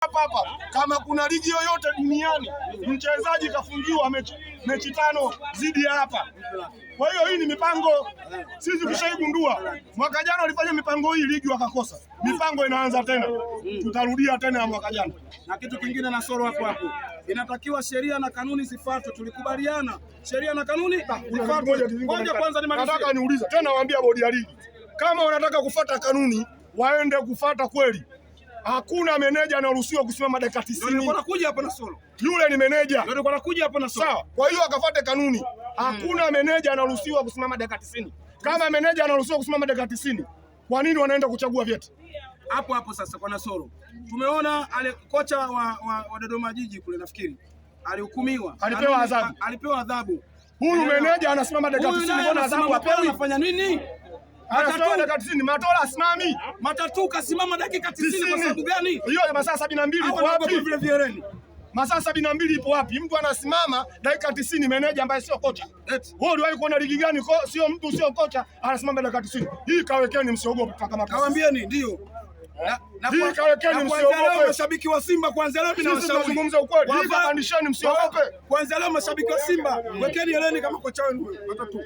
Hapa kama kuna ligi yoyote duniani mchezaji kafungiwa mechi, mechi tano zidi ya hapa. Kwa hiyo hii ni mipango, sisi tushaigundua. Mwaka jana walifanya mipango hii ligi wakakosa, mipango inaanza tena, tutarudia tena ya mwaka jana. Na kitu kingine na soro hapo hapo, inatakiwa sheria na kanuni zifuatwe. Tulikubaliana sheria na kanuni zifuatwe. Ngoja kwanza nimalizie, nataka niulize tena, waambia bodi ya ligi kama wanataka kufuata kanuni waende kufuata kweli. Hakuna meneja anaruhusiwa kusimama dakika 90. Yule ni meneja. Sawa. Kwa hiyo akafuate kanuni. Hakuna hmm. meneja anaruhusiwa kusimama dakika 90. Kama meneja anaruhusiwa kusimama dakika 90, kwa nini wanaenda kuchagua vyeti? Hapo hapo sasa kwa Nasoro. Tumeona ale, kocha wa, wa, wa Dodoma Jiji kule nafikiri alihukumiwa. Alipewa adhabu. Alipewa adhabu. Huyu meneja anasimama dakika 90, mbona adhabu apewi? Anafanya nini? Matatu Matola simami. Matatu kasimama dakika tisini kwa sababu gani? Hiyo ya masaa sabini mbili ipo wapi? Vile vile masaa sabini na mbili ipo wapi? Mtu anasimama dakika tisini, meneja ambaye sio kocha. Wewe uliwahi kuona ligi gani? Sio mtu, sio kocha, anasimama dakika tisini. Hii kawekeni, msiogope kama kawaambieni, ndio eh? kawekeni msiogope. Mashabiki wa Simba kuanzia leo tunazungumza ukweli, kapandisheni, msiogope. Kuanzia leo mashabiki wa Simba wekeni heleni kama kocha wenu Matatu.